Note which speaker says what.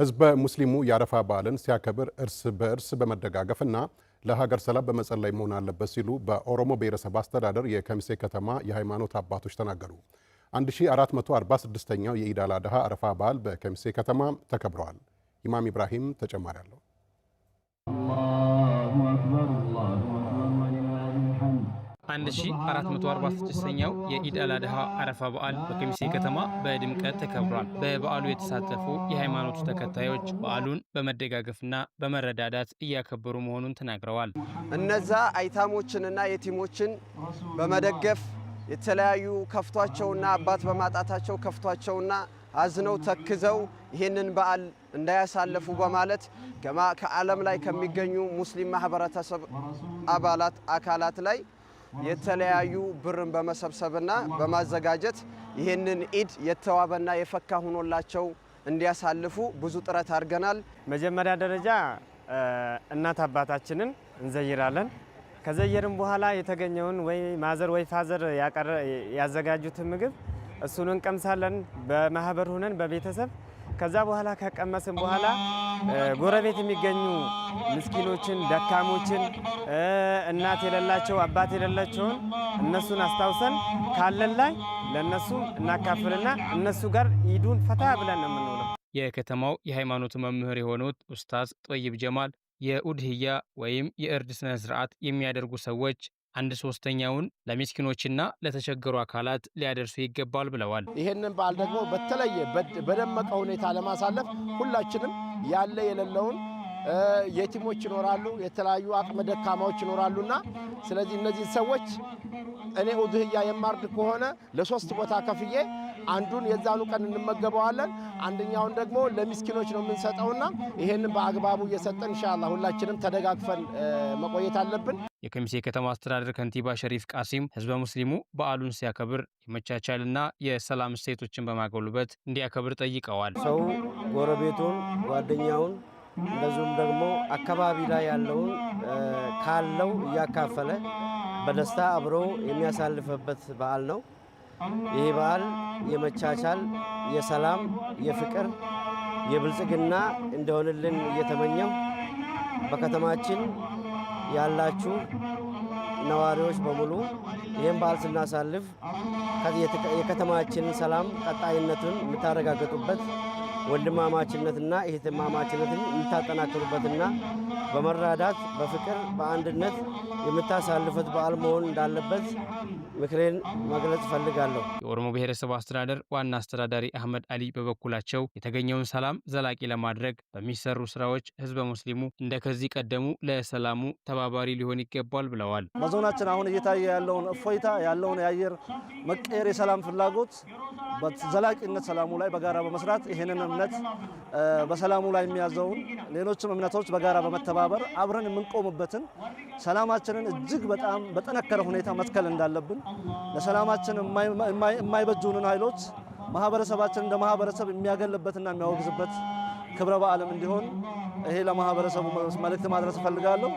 Speaker 1: ህዝበ ሙስሊሙ የአረፋ በዓልን ሲያከብር እርስ በእርስ በመደጋገፍና ለሀገር ሰላም በመጸለይ መሆን አለበት ሲሉ በኦሮሞ ብሔረሰብ አስተዳደር የከሚሴ ከተማ የሃይማኖት አባቶች ተናገሩ። 1446ኛው የኢድ አል አድሃ አረፋ በዓል በከሚሴ ከተማ ተከብረዋል። ኢማም ኢብራሂም ተጨማሪ አለው።
Speaker 2: 1446ኛው የኢድ አል አድሃ አረፋ በዓል በከሚሴ ከተማ በድምቀት ተከብሯል። በበዓሉ የተሳተፉ የሃይማኖቱ ተከታዮች በዓሉን በመደጋገፍና በመረዳዳት እያከበሩ መሆኑን ተናግረዋል።
Speaker 3: እነዛ አይታሞችንና የቲሞችን በመደገፍ የተለያዩ ከፍቷቸውና አባት በማጣታቸው ከፍቷቸውና አዝነው ተክዘው ይህንን በዓል እንዳያሳለፉ በማለት ከዓለም ላይ ከሚገኙ ሙስሊም ማህበረተሰብ አባላት አካላት ላይ የተለያዩ ብርን በመሰብሰብና በማዘጋጀት ይህንን ኢድ የተዋበና የፈካ ሆኖላቸው እንዲያሳልፉ ብዙ ጥረት አድርገናል።
Speaker 4: መጀመሪያ ደረጃ እናት አባታችንን እንዘይራለን። ከዘየርን በኋላ የተገኘውን ወይ ማዘር ወይ ፋዘር ያዘጋጁትን ምግብ እሱን እንቀምሳለን። በማህበር ሁነን በቤተሰብ ከዛ በኋላ ከቀመስን በኋላ ጎረቤት የሚገኙ ምስኪኖችን፣ ደካሞችን፣ እናት የሌላቸው አባት የሌላቸውን እነሱን አስታውሰን ካለን ላይ ለእነሱ እናካፍልና እነሱ ጋር ኢዱን ፈታ ብለን ነው የምንውለው።
Speaker 5: የከተማው የሃይማኖት መምህር የሆኑት ኡስታዝ ጦይብ ጀማል የኡድህያ ወይም የእርድ ስነ ስርዓት የሚያደርጉ ሰዎች አንድ ሶስተኛውን ለሚስኪኖችና ለተቸገሩ አካላት ሊያደርሱ ይገባል ብለዋል።
Speaker 6: ይህንን በዓል ደግሞ በተለየ በደመቀ ሁኔታ ለማሳለፍ ሁላችንም ያለ የሌለውን የቲሞች ይኖራሉ፣ የተለያዩ አቅመ ደካማዎች ይኖራሉና ስለዚህ እነዚህን ሰዎች እኔ ኡድህያ የማርድ ከሆነ ለሶስት ቦታ ከፍዬ አንዱን የዛኑ ቀን እንመገበዋለን፣ አንደኛውን ደግሞ ለሚስኪኖች ነው የምንሰጠውና ይሄንን በአግባቡ እየሰጠን እንሻላ ሁላችንም ተደጋግፈን መቆየት አለብን።
Speaker 7: የከሚሴ ከተማ አስተዳደር ከንቲባ ሸሪፍ ቃሲም ህዝበ ሙስሊሙ በዓሉን ሲያከብር የመቻቻልና የሰላም እሴቶችን በማጎልበት እንዲያከብር ጠይቀዋል።
Speaker 8: ሰው ጎረቤቱን፣ ጓደኛውን እንደዚሁም ደግሞ አካባቢ ላይ ያለውን ካለው እያካፈለ በደስታ አብሮ የሚያሳልፍበት በዓል ነው። ይህ በዓል የመቻቻል፣ የሰላም፣ የፍቅር፣ የብልጽግና እንደሆንልን እየተመኘው በከተማችን ያላችሁ ነዋሪዎች በሙሉ ይህን በዓል ስናሳልፍ የከተማችንን ሰላም ቀጣይነቱን የምታረጋግጡበት ወንድማማችነትና እህትማማችነትን የምታጠናክሩበትና በመራዳት በፍቅር በአንድነት የምታሳልፉት በዓል መሆን እንዳለበት ምክሬን መግለጽ እፈልጋለሁ።
Speaker 9: የኦሮሞ ብሔረሰብ አስተዳደር ዋና አስተዳዳሪ አህመድ አሊ በበኩላቸው የተገኘውን ሰላም ዘላቂ ለማድረግ በሚሰሩ ስራዎች ህዝበ ሙስሊሙ እንደ ከዚህ ቀደሙ ለሰላሙ ተባባሪ ሊሆን ይገባል ብለዋል።
Speaker 10: በዞናችን አሁን እየታየ ያለውን እፎይታ ያለውን የአየር መቀየር የሰላም ፍላጎት ዘላቂነት ሰላሙ ላይ በጋራ በመስራት ይህንን እምነት በሰላሙ ላይ የሚያዘውን ሌሎችም እምነቶች በጋራ በመተባበር አብረን የምንቆምበትን ሰላማችንን እጅግ በጣም በጠነከረ ሁኔታ መትከል እንዳለብን ለሰላማችን የማይበጁንን ኃይሎች ማህበረሰባችን እንደ ማህበረሰብ የሚያገልበትና የሚያወግዝበት ክብረ በዓልም እንዲሆን ይሄ ለማህበረሰቡ መልእክት ማድረስ እፈልጋለሁ።